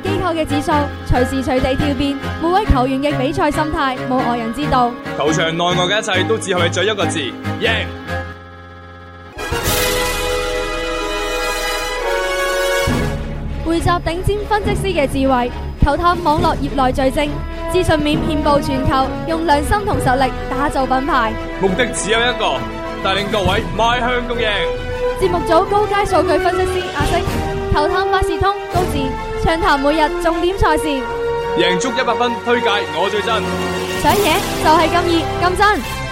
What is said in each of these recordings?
機構嘅指數隨時隨地跳變，每位球員嘅比賽心態冇外人知道。球場內外嘅一切都只係在一個字：贏。匯集頂尖分析師嘅智慧，球探網絡業內最精，資訊面遍布全球，用良心同實力打造品牌。目的只有一個，帶領各位邁向共贏。節目組高階數據分析師阿星，球探百事通高智。暢談每日重點賽事，贏足 100FUN，推介我最真，想贏就係咁熱咁真。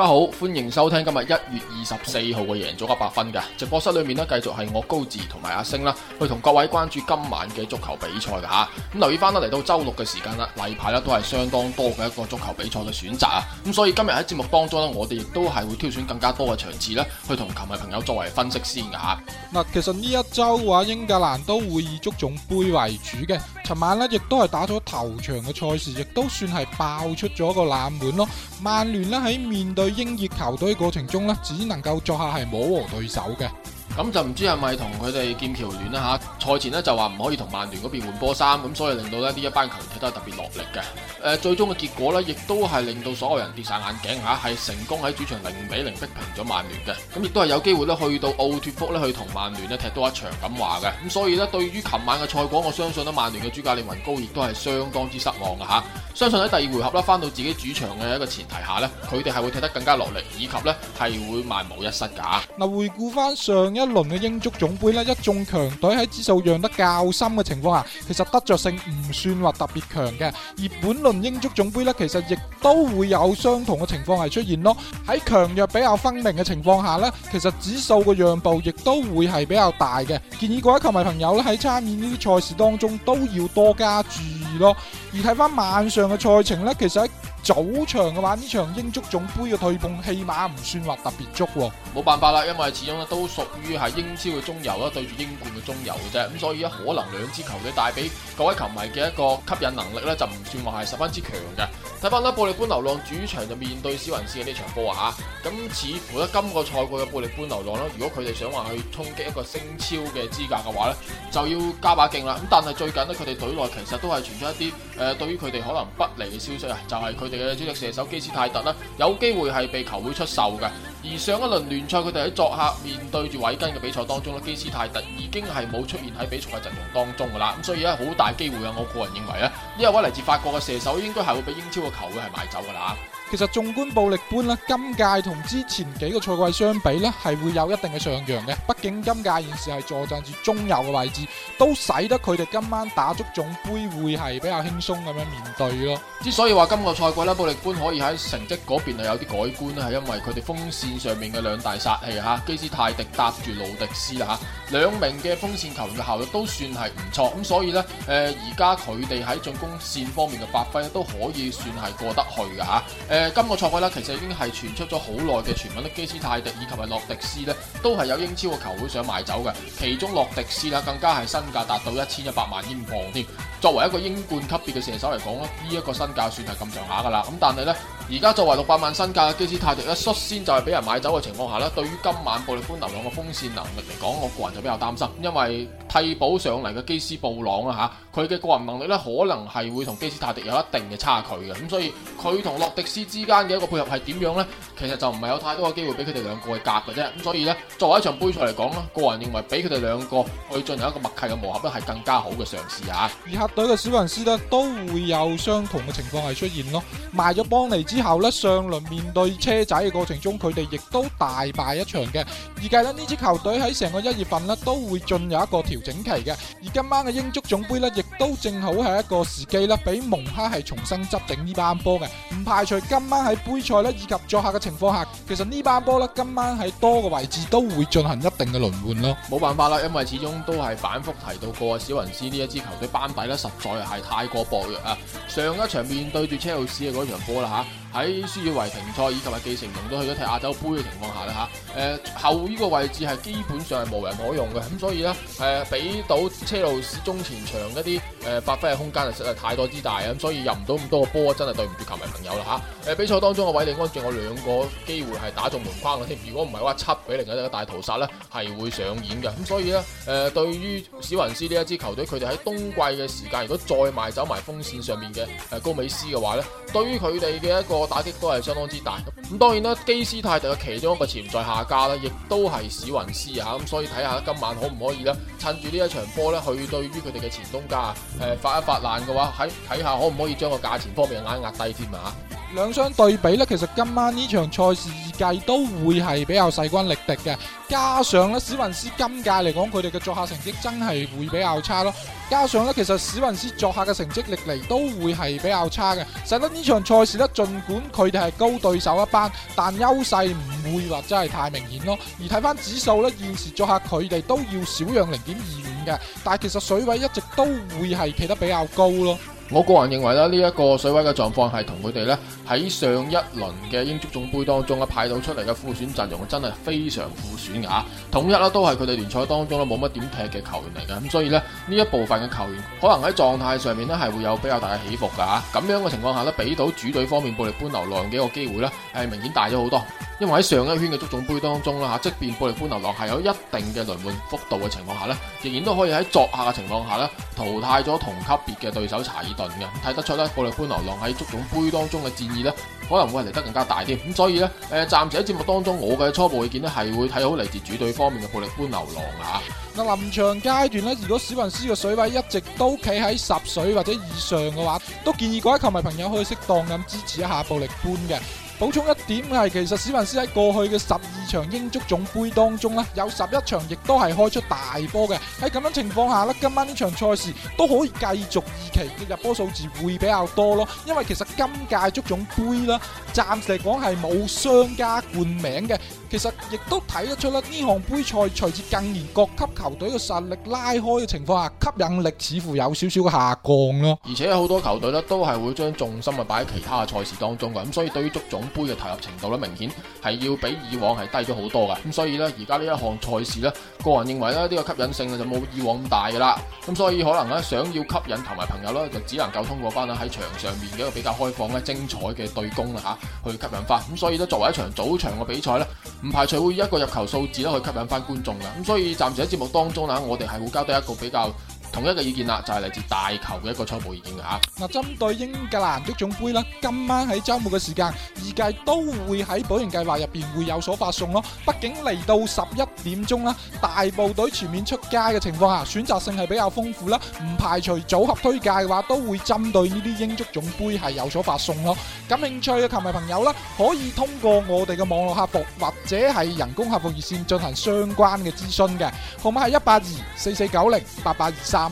大家好，歡迎收聽今日一月二十四號嘅贏足 100FUN 嘅直播室裏面呢，繼續係我高志同埋阿星啦，去同各位關注今晚嘅足球比賽嘅。吓，咁留意翻啦，嚟到周六嘅時間啦，例牌咧都係相當多嘅一個足球比賽嘅選擇啊，咁所以今日喺節目當中呢，我哋亦都係會挑選更加多嘅場次呢去同球迷朋友作為分析先吓嗱。其實呢一周嘅話，英格蘭都會以足總盃為主嘅。尋晚咧，亦都係打咗頭場嘅賽事，亦都算係爆出咗個冷門咯。曼聯咧喺面對英熱球隊過程中咧，只能夠作下係冇和對手嘅。咁就唔知係咪同佢哋劍橋聯啦嚇，賽前咧就話唔可以同曼聯嗰邊換波衫，咁所以令到咧呢一班球員踢得特別落力嘅。誒、呃，最終嘅結果咧，亦都係令到所有人跌晒眼鏡吓，係成功喺主場零比零逼平咗曼聯嘅。咁亦都係有機會咧去到奧脫福咧去同曼聯咧踢多一場咁話嘅。咁所以咧，對於琴晚嘅賽果，我相信咧曼聯嘅主教練雲高亦都係相當之失望噶吓。相信喺第二回合咧翻到自己主場嘅一個前提下咧，佢哋係會踢得更加落力，以及咧係會萬無一失噶。嗱，回顧翻上一一輪嘅英足總盃呢，一眾強隊喺指數讓得較深嘅情況下，其實得着性唔算話特別強嘅。而本輪英足總盃呢，其實亦都會有相同嘅情況係出現咯。喺強弱比較分明嘅情況下呢，其實指數嘅讓步亦都會係比較大嘅。建議各位球迷朋友咧喺參與呢啲賽事當中都要多加注意咯。而睇翻晚上嘅賽程呢，其實。早場嘅話，呢場英足總盃嘅對碰戲碼唔算話特別足，冇辦法啦，因為始終咧都屬於係英超嘅中游啦，對住英冠嘅中游嘅啫，咁所以咧可能兩支球隊帶俾各位球迷嘅一個吸引能力咧，就唔算話係十分之強嘅。睇翻啦，布力般流浪主場就面對斯文斯嘅呢場波啊，咁似乎咧今個賽季嘅布力般流浪咧，如果佢哋想話去衝擊一個升超嘅資格嘅話咧，就要加把勁啦。咁但係最近呢，佢哋隊內其實都係存在一啲。誒、呃、對於佢哋可能不利嘅消息啊，就係佢哋嘅主力射手基斯泰特啦，有機會係被球會出售嘅。而上一輪聯賽佢哋喺作客面對住韋根嘅比賽當中咧，基斯泰特已經係冇出現喺比賽嘅陣容當中噶啦，咁所以咧好大機會啊，我個人認為咧，呢一位嚟自法國嘅射手應該係會俾英超嘅球會係買走噶啦。其實縱觀暴力般咧，今屆同之前幾個賽季相比咧，係會有一定嘅上揚嘅。畢竟今屆現時係坐鎮住中游嘅位置，都使得佢哋今晚打足總杯會係比較輕鬆咁樣面對咯。之所以話今個賽季咧暴力般可以喺成績嗰邊啊有啲改觀咧，係因為佢哋鋒線上面嘅兩大殺器吓，基、啊、斯泰迪搭住魯迪斯啦吓，兩、啊、名嘅鋒線球員嘅效率都算係唔錯。咁所以呢，誒而家佢哋喺進攻線方面嘅發揮都可以算係過得去嘅吓，啊呃誒、呃，今個賽季咧，其實已經係傳出咗好耐嘅傳聞，咧基斯泰迪以及係洛迪斯咧，都係有英超嘅球會想買走嘅。其中洛迪斯啦，更加係身價達到一千一百萬英鎊添。作為一個英冠級別嘅射手嚟講，呢一個身價算係咁上下噶啦。咁但係呢，而家作為六百萬身價嘅基斯泰迪咧，率先就係俾人買走嘅情況下咧，對於今晚布力般流浪嘅鋒線能力嚟講，我個人就比較擔心，因為替補上嚟嘅基斯布朗啊吓，佢嘅個人能力咧，可能係會同基斯泰迪有一定嘅差距嘅。咁所以佢同洛迪斯。之間嘅一個配合係點樣咧？其實就唔係有太多嘅機會俾佢哋兩個去夾嘅啫，咁所以呢，作為一場杯賽嚟講咧，個人認為俾佢哋兩個去進行一個默契嘅磨合咧係更加好嘅嘗試啊！而客隊嘅小雲斯呢，都會有相同嘅情況係出現咯。賣咗邦尼之後呢，上輪面對車仔嘅過程中，佢哋亦都大敗一場嘅。而計咧呢呢支球隊喺成個一月份呢，都會進入一個調整期嘅，而今晚嘅英足總杯呢，亦都正好係一個時機呢俾蒙克係重新執整呢班波嘅，唔排除今晚喺杯賽呢，以及作客嘅情況其實呢把波咧，今晚喺多個位置都會進行一定嘅輪換咯。冇辦法啦，因為始終都係反复提到過，小雲斯呢一支球隊班底咧實在係太過薄弱啊！上一場面對住車路士嘅嗰場波啦吓。啊喺舒爾維停賽以及係繼承容都去咗睇亞洲杯嘅情況下啦吓，誒、呃、後呢個位置係基本上係無人可用嘅，咁所以咧誒俾到車路士中前場一啲誒、呃、發揮嘅空間啊實在太多之大啊，咁所以入唔到咁多個波真係對唔住球迷朋友啦吓，誒、啊呃、比賽當中嘅韋利安仲有兩個機會係打中門框嘅添，如果唔係嘅話七比零嘅一個大屠殺咧係會上演嘅。咁所以咧誒、呃、對於史雲斯呢一支球隊，佢哋喺冬季嘅時間如果再賣走埋鋒綫上面嘅誒、呃、高美斯嘅話咧，對於佢哋嘅一個個打擊都係相當之大的。咁當然啦，基斯泰特嘅其中一個潛在下家啦，亦都係史雲斯啊，咁所以睇下今晚可唔可以咧，趁住呢一場波咧，去對於佢哋嘅前東家誒發一發爛嘅話，喺睇下可唔可以將個價錢方面壓一壓低添啊？兩相對比呢，其實今晚呢場賽事二計都會係比較勢均力敵嘅，加上咧，史雲斯今屆嚟講，佢哋嘅作客成績真係會比較差咯。加上呢，其實史雲斯作客嘅成績歷嚟都會係比較差嘅，使得呢場賽事呢，盡管佢哋係高對手一班，但優勢唔會話真係太明顯咯。而睇翻指數呢，現時作客佢哋都要少讓零點二五嘅，但係其實水位一直都會係企得比較高咯。我個人認為呢一個水位嘅狀況係同佢哋呢喺上一輪嘅英足總盃當中啊，派到出嚟嘅副選陣容真係非常副選啊！統一啦都係佢哋聯賽當中冇乜點踢嘅球員嚟嘅，咁所以呢，呢一部分嘅球員可能喺狀態上面呢係會有比較大嘅起伏噶，咁樣嘅情況下呢俾到主隊方面暴力搬流浪嘅一個機會呢係明顯大咗好多。因為喺上一圈嘅足總杯當中啦吓，即便布力般流浪係有一定嘅輪換幅度嘅情況下咧，仍然都可以喺作客嘅情況下咧淘汰咗同級別嘅對手查爾頓嘅。睇得出咧，布力般流浪喺足總杯當中嘅戰意咧可能會嚟得更加大啲，咁所以咧，誒、呃、暫時喺節目當中我嘅初步意見咧，係會睇好嚟自主隊方面嘅布力般流浪啊。嗱，臨場階段咧，如果史雲斯嘅水位一直都企喺十水或者以上嘅話，都建議各位球迷朋友可以適當咁支持一下布力般嘅。補充一點嘅係，其實史雲斯喺過去嘅十二場英足總杯當中咧，有十一場亦都係開出大波嘅。喺咁樣的情況下咧，今晚呢場賽事都可以繼續二期嘅入波數字會比較多咯。因為其實今屆足總杯咧，暫時嚟講係冇商家冠名嘅。其實亦都睇得出啦，呢項杯賽隨住近年各級球隊嘅實力拉開嘅情況下，吸引力似乎有少少下降咯。而且好多球隊咧都係會將重心啊擺喺其他賽事當中嘅，咁所以對於足總杯嘅投入程度咧，明顯係要比以往係低咗好多嘅。咁所以咧，而家呢一項賽事咧，個人認為咧，呢個吸引性就冇以往咁大噶啦。咁所以可能咧，想要吸引球迷朋友咧，就只能夠通過翻咧喺場上面嘅一個比較開放咧、精彩嘅對攻啦吓，去吸引翻。咁所以咧，作為一場早場嘅比賽咧，唔排除會以一個入球數字咧，去吸引翻觀眾噶。咁所以暫時喺節目當中啦，我哋係會交低一個比較。同一個意見啦，就係嚟自大球嘅一個初步意見嘅吓。嗱，針對英格蘭足總杯啦，今晚喺週末嘅時間，預計都會喺保贏計劃入邊會有所發送咯。畢竟嚟到十一點鐘啦，大部隊全面出街嘅情況下，選擇性係比較豐富啦，唔排除組合推介嘅話，都會針對呢啲英足總杯係有所發送咯。感興趣嘅球迷朋友啦，可以通過我哋嘅網絡客服或者係人工客服熱線進行相關嘅諮詢嘅，號碼係一八二四四九零八八二三。啱，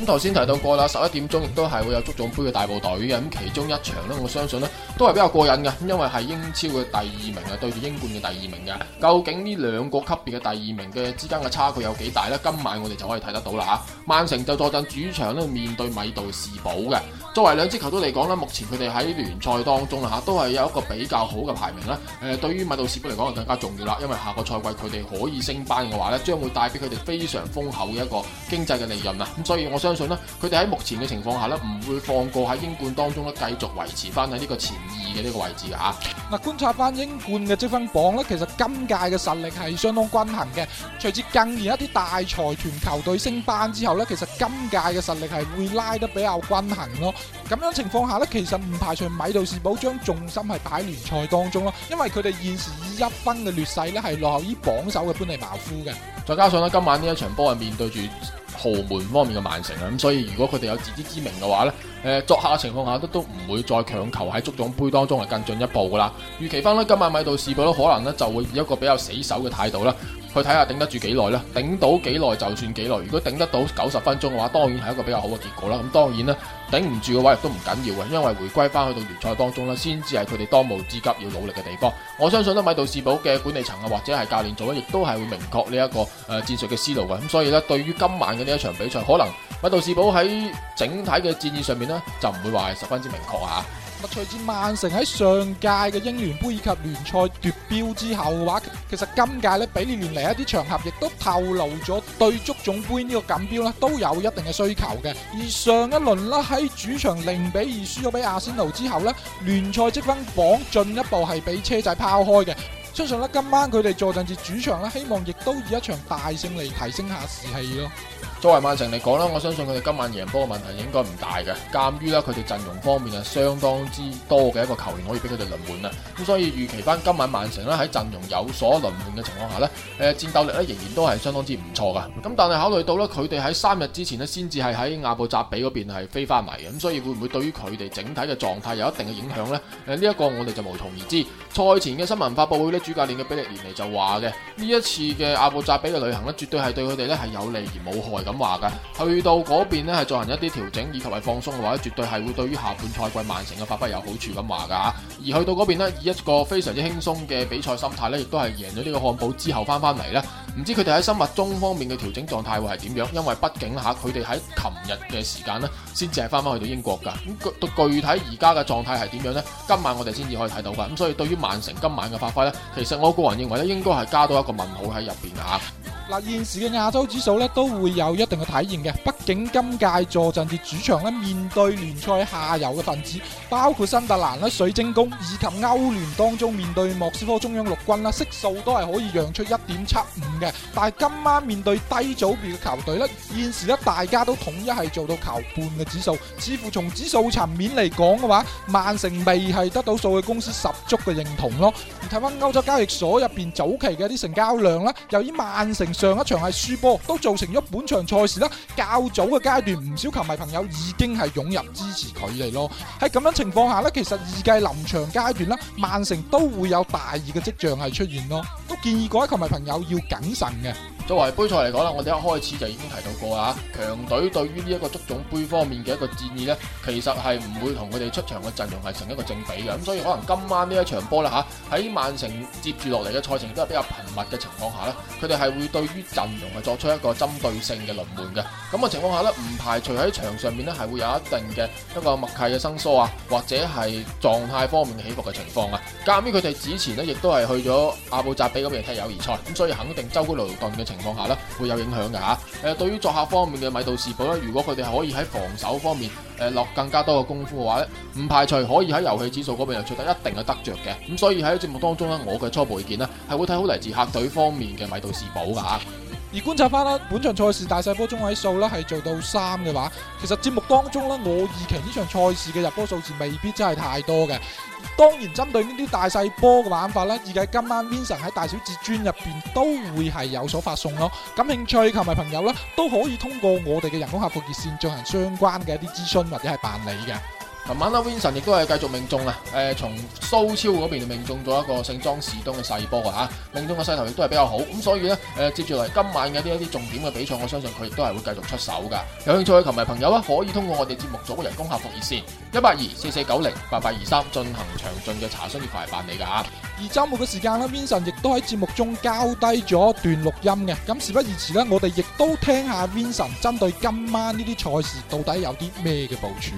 咁頭先提到過啦，十一點鐘亦都係會有足總盃嘅大部隊嘅，咁其中一場呢，我相信呢都係比較過癮嘅，因為係英超嘅第二名啊，對住英冠嘅第二名嘅，究竟呢兩個級別嘅第二名嘅之間嘅差距有幾大呢？今晚我哋就可以睇得到啦吓，曼城就坐陣主場呢面對米杜士堡嘅。作為兩支球隊嚟講咧，目前佢哋喺聯賽當中啊嚇，都係有一個比較好嘅排名啦。誒、呃，對於米杜士堡嚟講就更加重要啦，因為下個賽季佢哋可以升班嘅話咧，將會帶俾佢哋非常豐厚嘅一個經濟嘅利潤啊。咁所以我相信咧，佢哋喺目前嘅情況下咧，唔會放過喺英冠當中咧，繼續維持翻喺呢個前二嘅呢個位置啊。嗱，觀察翻英冠嘅積分榜咧，其實今屆嘅實力係相當均衡嘅。隨住近年一啲大財團球隊升班之後咧，其實今屆嘅實力係會拉得比較均衡咯。咁樣情況下咧，其實唔排除米杜士堡將重心係擺喺聯賽當中咯，因為佢哋現時以一分嘅劣勢咧係落後於榜首嘅潘尼茅夫嘅。再加上咧，今晚呢一場波係面對住豪門方面嘅曼城啊，咁所以如果佢哋有自知之明嘅話咧，誒，作客嘅情況下都都唔會再強求喺足總盃當中係更進一步噶啦預期翻咧，今晚米杜士堡咧可能咧就會以一個比較死守嘅態度啦。佢睇下頂得住幾耐啦，頂到幾耐就算幾耐。如果頂得到九十分鐘嘅話，當然係一個比較好嘅結果啦。咁當然啦，頂唔住嘅話亦都唔緊要嘅，因為回歸翻去到聯賽當中啦，先至係佢哋當務之急要努力嘅地方。我相信呢，米杜士堡嘅管理層啊，或者係教練組咧，亦都係會明確呢一個誒戰術嘅思路嘅。咁所以呢，對於今晚嘅呢一場比賽，可能米杜士堡喺整體嘅戰意上面呢，就唔會話十分之明確嚇。隨住曼城喺上屆嘅英聯杯以及聯賽奪標之後嘅話，其實今屆咧比利連嚟，一啲場合亦都透露咗對足總盃呢個錦標咧都有一定嘅需求嘅。而上一輪啦喺主場零比二輸咗俾阿仙奴之後咧，聯賽積分榜進一步係俾車仔拋開嘅。相信咧今晚佢哋坐陣至主場咧，希望亦都以一場大勝嚟提升一下士氣咯。作為曼城嚟講咧，我相信佢哋今晚贏波嘅問題應該唔大嘅。鑒於咧佢哋陣容方面係相當之多嘅一個球員可以俾佢哋輪換啊，咁所以預期翻今晚曼城咧喺陣容有所輪換嘅情況下咧，誒戰鬥力咧仍然都係相當之唔錯噶。咁但係考慮到咧佢哋喺三日之前咧先至係喺阿布扎比嗰邊係飛翻嚟嘅，咁所以會唔會對於佢哋整體嘅狀態有一定嘅影響咧？誒呢一個我哋就無從而知。賽前嘅新聞發布會咧，主教練嘅比利連尼就話嘅，呢一次嘅阿布扎比嘅旅行咧，絕對係對佢哋咧係有利而冇害咁。話噶，去到嗰邊咧係進行一啲調整以及係放鬆嘅話，咧絕對係會對於下半賽季曼城嘅發揮有好處，咁話噶吓。而去到嗰邊呢，以一個非常之輕鬆嘅比賽心態呢，亦都係贏咗呢個漢堡之後翻翻嚟呢。唔知佢哋喺生物鐘方面嘅調整狀態會係點樣？因為畢竟吓，佢哋喺琴日嘅時間呢，先至係翻翻去到英國噶。咁具體而家嘅狀態係點樣呢？今晚我哋先至可以睇到噶。咁所以對於曼城今晚嘅發揮呢，其實我個人認為咧，應該係加多一個問號喺入邊吓。嗱，現時嘅亞洲指數咧都會有一定嘅體現嘅，畢竟今屆坐鎮至主場咧，面對聯賽下游嘅份子，包括新特蘭啦、水晶宮以及歐聯當中面對莫斯科中央陸軍啦，色數都係可以讓出一點七五嘅。但係今晚面對低組別嘅球隊咧，現時咧大家都統一係做到球半嘅指數，似乎從指數層面嚟講嘅話曼城未係得到所有公司十足嘅認同咯。而睇翻歐洲交易所入邊早期嘅啲成交量啦，由於曼城上一場係輸波，都造成咗本場賽事啦。較早嘅階段，唔少球迷朋友已經係湧入支持佢哋咯。喺咁樣情況下呢，其實預計臨場階段啦，曼城都會有大二嘅跡象係出現咯。都建議各位球迷朋友要謹慎嘅。作為杯賽嚟講啦，我哋一開始就已經提到過啊，強隊對於呢一個足總杯方面嘅一個戰意呢，其實係唔會同佢哋出場嘅陣容係成一個正比嘅。咁所以可能今晚呢一場波咧，吓喺曼城接住落嚟嘅賽程都係比較頻密嘅情況下呢，佢哋係會對於陣容係作出一個針對性嘅輪換嘅。咁嘅情況下呢，唔排除喺場上面呢係會有一定嘅一個默契嘅生疏啊，或者係狀態方面嘅起伏嘅情況啊。咁由於佢哋之前呢，亦都係去咗阿布扎比咁樣踢友誼賽，咁所以肯定舟車勞頓嘅情，情況下咧會有影響嘅吓，誒、呃，對於作客方面嘅米杜士堡咧，如果佢哋可以喺防守方面誒、呃、落更加多嘅功夫嘅話咧，唔排除可以喺遊戲指數嗰邊又取得一定嘅得着嘅，咁所以喺節目當中咧，我嘅初步意見咧係會睇好嚟自客隊方面嘅米杜士堡噶。啊而觀察翻啦，本場賽事大細波中位數係做到三嘅話，其實節目當中呢我預期呢場賽事嘅入波數字未必真係太多嘅。當然針，針對呢啲大細波嘅玩法呢而家今晚 Vincent 喺大小至尊入面都會係有所發送咯。感興趣同埋朋友呢都可以通過我哋嘅人工客服熱線進行相關嘅一啲諮詢或者係辦理嘅。琴晚阿 Vincent 亦都係繼續命中啊！誒、呃，從蘇超嗰邊就命中咗一個姓莊士東嘅細波吓，啊，命中嘅勢頭亦都係比較好，咁、嗯、所以咧，誒、呃，接住嚟今晚嘅呢一啲重點嘅比賽，我相信佢亦都係會繼續出手噶。有興趣嘅球迷朋友啊，可以通過我哋節目組嘅人工客服熱線一八二四四九零八八二三進行詳盡嘅查詢同埋辦理噶啊！而周末嘅時間咧，Vincent 亦都喺節目中交低咗段錄音嘅，咁時不宜遲咧，我哋亦都聽下 Vincent 針對今晚呢啲賽事到底有啲咩嘅部署。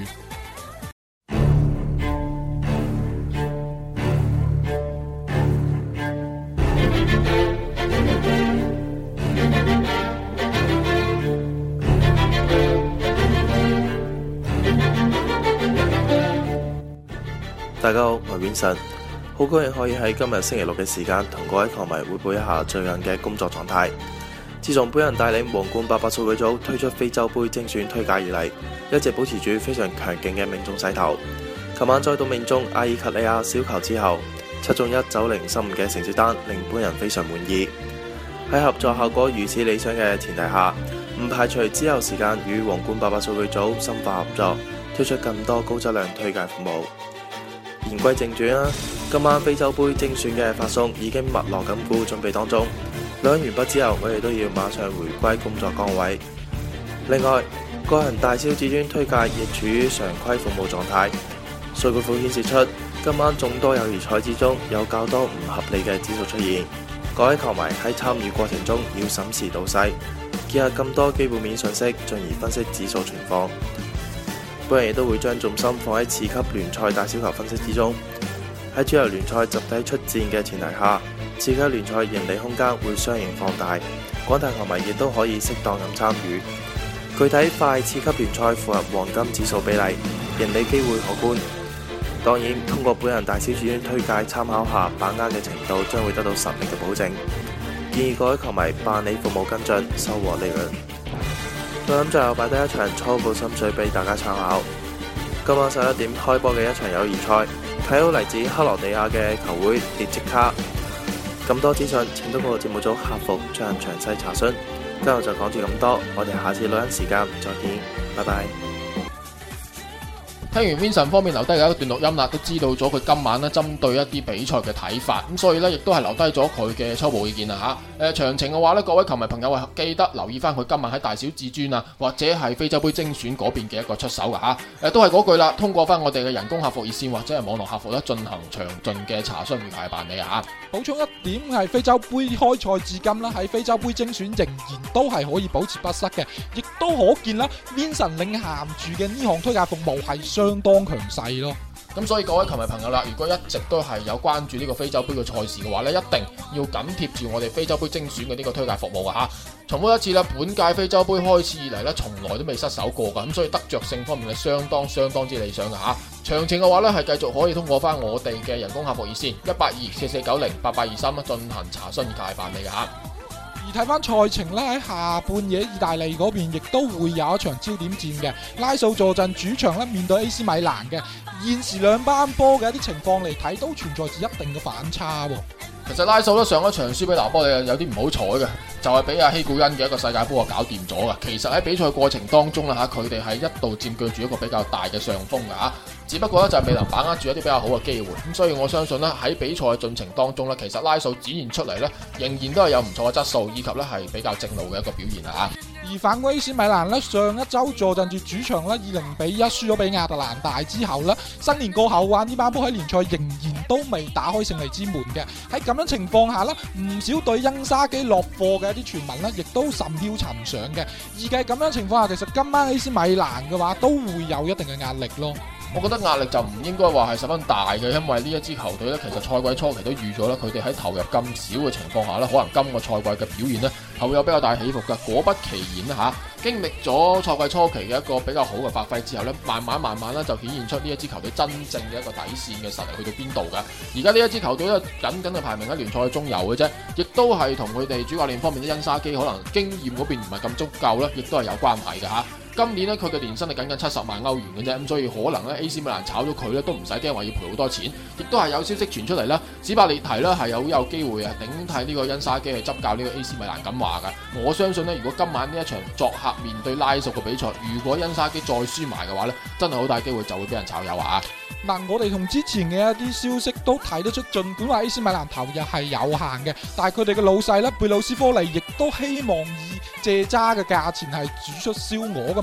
大家好，我係遠神，好高興可以喺今日星期六嘅時間同各位球迷匯報一下最近嘅工作狀態。自從本人帶領皇冠八八數據組推出非洲杯精選推介以嚟，一直保持住非常強勁嘅命中勢頭。琴晚再度命中阿爾及利亞小球之後，七中一九零三五嘅成績單令本人非常滿意。喺合作效果如此理想嘅前提下，唔排除之後時間與皇冠八八數據組深化合作，推出更多高質量推介服務。言歸正傳啦，今晚非洲杯精選嘅發送已經密鑼緊鼓準備當中。錄音完畢之後，我哋都要馬上回歸工作崗位。另外，個人大小至尊推介亦處於常規服務狀態。數據庫顯示出今晚眾多友誼賽之中有較多唔合理嘅指數出現，各位球迷喺參與過程中要審時度勢，結合更多基本面信息，進而分析指數情況。本人亦都會將重心放喺次級聯賽大小球分析之中。喺主流聯賽集體出戰嘅前提下，次級聯賽盈利空間會相應放大。廣大球迷亦都可以適當咁參與。具體快次級聯賽符合黃金指數比例，盈利機會可觀。當然，通過本人大小主推推介參考下，把握嘅程度將會得到實力嘅保證。建議各位球迷辦理服務跟進，收穫利潤。我諗就擺低一場初步心水俾大家參考。今晚十一點開波嘅一場友誼賽，睇好嚟自克羅地亞嘅球會列支卡。咁多資訊，請通過節目組客服進行詳細查詢。之後就講住咁多，我哋下次錄音時間再見，拜拜。聽完 Vincent 方面留低嘅一段錄音啦，都知道咗佢今晚咧針對一啲比賽嘅睇法，咁所以咧亦都係留低咗佢嘅初步意見啦吓。誒，詳情嘅話咧，各位球迷朋友啊，記得留意翻佢今晚喺大小至尊啊，或者係非洲杯精選嗰邊嘅一個出手噶吓。誒，都係嗰句啦，通過翻我哋嘅人工客服熱線或者係網絡客服咧，進行詳盡嘅查詢同埋辦理啊吓。補充一點係非洲杯開賽至今啦，喺非洲杯精選仍然都係可以保持不失嘅，亦都可見啦 Vincent 領銜住嘅呢項推介服務係。相當強勢咯，咁所以各位球迷朋友啦，如果一直都係有關注呢個非洲杯嘅賽事嘅話咧，一定要緊貼住我哋非洲杯精選嘅呢個推介服務噶吓。重複一次啦，本屆非洲杯開始以嚟呢，從來都未失手過噶，咁所以得着性方面係相當相當之理想噶吓。詳情嘅話呢，係繼續可以通過翻我哋嘅人工客服熱線一八二四四九零八八二三啊，進行查詢同埋辦理噶吓。而睇翻賽程咧，喺下半夜意大利嗰邊亦都會有一場焦點戰嘅，拉素坐鎮主場咧面對 AC 米蘭嘅，現時兩班波嘅一啲情況嚟睇都存在住一定嘅反差，哦。其實拉素都上一場輸俾拿玻里有啲唔好彩嘅，就係，是，俾阿希古恩嘅一個世界波啊搞掂咗噶。其實喺比賽過程當中啦吓，佢哋係一度佔據住一個比較大嘅上風噶吓。只不過咧就係未能把握住一啲比較好嘅機會咁，所以我相信咧喺比賽嘅進程當中咧，其實拉素展現出嚟咧仍然都係有唔錯嘅質素，以及咧係比較正路嘅一個表現啦吓。而反觀 AC 米蘭咧，上一周坐鎮住主場咧以零比一輸咗俾亞特蘭大之後咧，新年過後啊，呢班波喺聯賽仍然都未打開勝利之門嘅，喺咁樣情況下啦，唔少對因沙基落貨嘅一啲傳聞咧，亦都甚囂塵上嘅。而喺咁樣情況下，其實今晚 AC 米蘭嘅話都會有一定嘅壓力咯。我覺得壓力就唔應該話係十分大嘅，因為呢一支球隊呢，其實賽季初期都預咗啦，佢哋喺投入咁少嘅情況下呢，可能今個賽季嘅表現呢，係會有比較大的起伏噶。果不其然啦吓，經歷咗賽季初期嘅一個比較好嘅發揮之後呢，慢慢慢慢咧就顯現出呢一支球隊真正嘅一個底綫嘅實力去到邊度噶。而家呢一支球隊呢，僅僅係排名喺聯賽中游嘅啫，亦都係同佢哋主教練方面啲恩沙基可能經驗嗰邊唔係咁足夠啦，亦都係有關係嘅吓。今年咧，佢嘅年薪係僅僅七十萬歐元嘅啫，咁所以可能咧，AC 米蘭炒咗佢咧都唔使驚話要賠好多錢，亦都係有消息傳出嚟咧，史伯列提咧係好有機會啊頂替呢個恩沙基去執教呢個 AC 米蘭咁話嘅。我相信咧，如果今晚呢一場作客面對拉索嘅比賽，如果恩沙基再輸埋嘅話咧，真係好大機會就會俾人炒魷啊！嗱，我哋同之前嘅一啲消息都睇得出，儘管話 AC 米蘭投入係有限嘅，但係佢哋嘅老細呢，貝魯斯科尼亦都希望以借渣嘅價錢係煮出燒鵝嘅。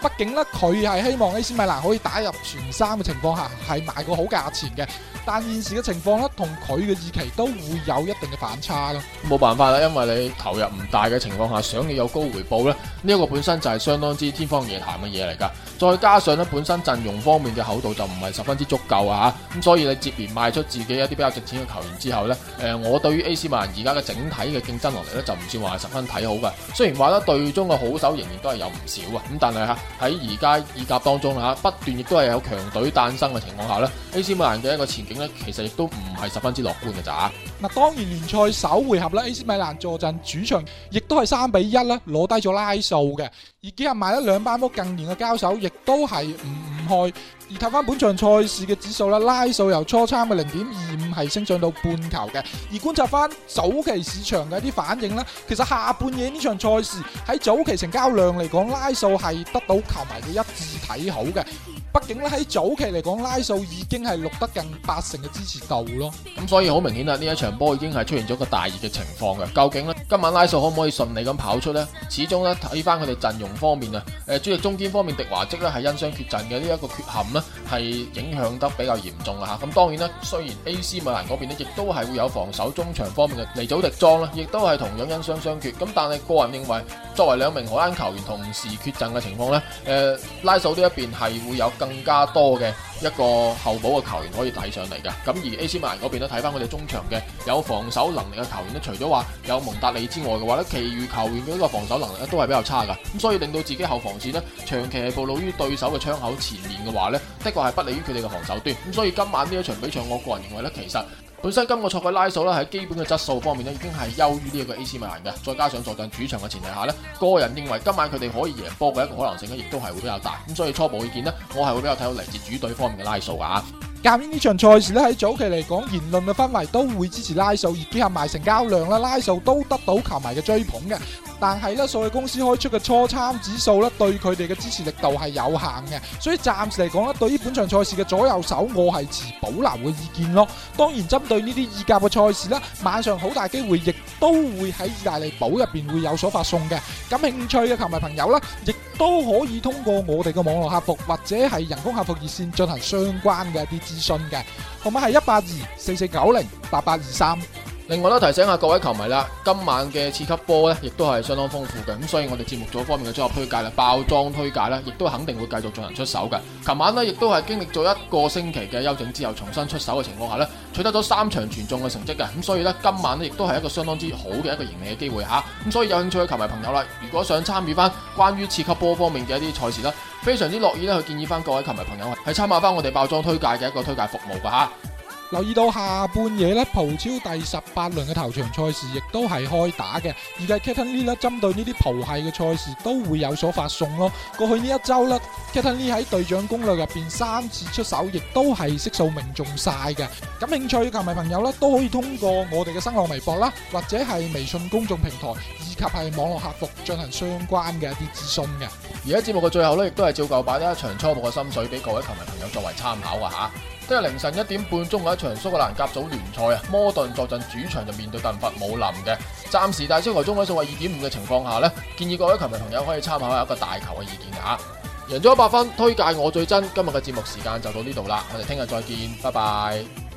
畢竟咧，佢係希望 A.C. 米蘭可以打入前三嘅情況下，係賣個好價錢嘅。但現時嘅情況咧，同佢嘅預期都會有一定嘅反差咯。冇辦法啦，因為你投入唔大嘅情況下，想要有高回報咧，呢一個本身就係相當之天方夜譚嘅嘢嚟噶。再加上咧，本身陣容方面嘅厚度就唔係十分之足夠啊。咁所以你接連賣出自己一啲比較值錢嘅球員之後咧，誒，我對於 A.C. 米蘭而家嘅整體嘅競爭能力咧，就唔算話係十分睇好㗎。雖然話咧隊中嘅好手仍然都係有唔少啊，咁但係吓。喺而家意甲當中嚇，不斷亦都係有強隊誕生嘅情況下咧，AC 米蘭嘅一個前景咧，其實亦都唔係十分之樂觀嘅咋。嗱，當然聯賽首回合咧，AC 米蘭坐陣主場，亦都係三比一咧攞低咗拉數嘅，而幾日買咗兩班波近年嘅交手也不，亦都係唔唔去。而睇翻本場賽事嘅指數啦，拉數由初盤嘅零點二五係升上到半球嘅。而觀察翻早期市場嘅一啲反應呢，其實下半夜呢場賽事喺早期成交量嚟講，拉數係得到球迷嘅一致睇好嘅。畢竟咧喺早期嚟講，拉數已經係錄得近八成嘅支持度咯。咁所以好明顯啦，呢一場波已經係出現咗個大熱嘅情況嘅。究竟呢，今晚拉數可唔可以順利咁跑出呢？始終呢，睇翻佢哋陣容方面啊，誒主力中堅方面迪華積呢係因傷缺陣嘅呢一個缺陷咧。係影響得比較嚴重啊！吓咁，當然咧，雖然 A.C. 米蘭嗰邊呢亦都係會有防守中場方面嘅尼祖迪莊啦，亦都係同樣因傷相缺。咁但係個人認為，作為兩名荷蘭球員同時缺陣嘅情況呢，誒，拉手呢一邊係會有更加多嘅，一個後補嘅球員可以帶上嚟嘅，咁而 AC 米蘭嗰邊咧，睇翻佢哋中場嘅有防守能力嘅球員咧，除咗話有蒙達利之外嘅話咧，其餘球員嘅一個防守能力咧都係比較差噶，咁所以令到自己後防線呢長期係暴露於對手嘅窗口前面嘅話呢的確係不利於佢哋嘅防守端，咁所以今晚呢一場比賽，我個人認為呢其實。本身今個賽季拉數咧喺基本嘅質素方面咧已經係優於呢一個 AC 米蘭嘅，再加上坐鎮主場嘅前提下咧，個人認為今晚佢哋可以贏波嘅一個可能性咧，亦都係會比較大。咁所以初步意見呢，我係會比較睇好嚟自主隊方面嘅拉數㗎嚇。鑒於呢場賽事咧喺早期嚟講言論嘅氛圍都會支持拉數，以及埋成交量啦，拉數都得到球迷嘅追捧嘅。但係咧，所謂公司開出嘅初參指數咧，對佢哋嘅支持力度係有限嘅，所以暫時嚟講咧，對於本場賽事嘅左右手，我係持保留嘅意見咯。當然，針對呢啲意甲嘅賽事咧，晚上好大機會亦都會喺意大利寶入邊會有所發送嘅。感興趣嘅球迷朋友咧，亦都可以通過我哋嘅網絡客服或者係人工客服熱綫進行相關嘅一啲諮詢嘅，號碼係一八二四四九零八八二三。另外咧，提醒下各位球迷啦，今晚嘅次級波咧，亦都係相當豐富嘅，咁所以我哋節目組方面嘅綜合推介啦、爆莊推介咧，亦都肯定會繼續進行出手嘅。琴晚咧，亦都係經歷咗一個星期嘅休整之後，重新出手嘅情況下咧，取得咗三場全中嘅成績嘅，咁所以咧，今晚咧亦都係一個相當之好嘅一個盈利嘅機會吓，咁、啊、所以有興趣嘅球迷朋友啦，如果想參與翻關於次級波方面嘅一啲賽事啦，非常之樂意咧去建議翻各位球迷朋友係參考翻我哋爆莊推介嘅一個推介服務嘅吓。啊留意到下半夜咧，葡超第十八輪嘅頭場賽事亦都係開打嘅，而家 Katon Lee 呢針針對呢啲葡系嘅賽事都會有所發送咯。過去呢一周呢 Katon Lee 喺隊長攻略入邊三次出手，亦都係悉數命中晒嘅。感興趣球迷朋友咧，都可以通過我哋嘅新浪微博啦，或者係微信公眾平台以及係網絡客服進行相關嘅一啲諮詢嘅。而家節目嘅最後咧，亦都係照舊擺咗一場初步嘅心水俾各位球迷朋友作為參考啊吓。即係凌晨一點半鐘嘅一場蘇格蘭甲組聯賽啊，摩頓作陣主場就面對鄧佛武林嘅。暫時大超球中位數係二點五嘅情況下呢，建議各位球迷朋友可以參考下一個大球嘅意見嚇。贏足 100FUN，推介我最真。今日嘅節目時間就到呢度啦，我哋聽日再見，拜拜。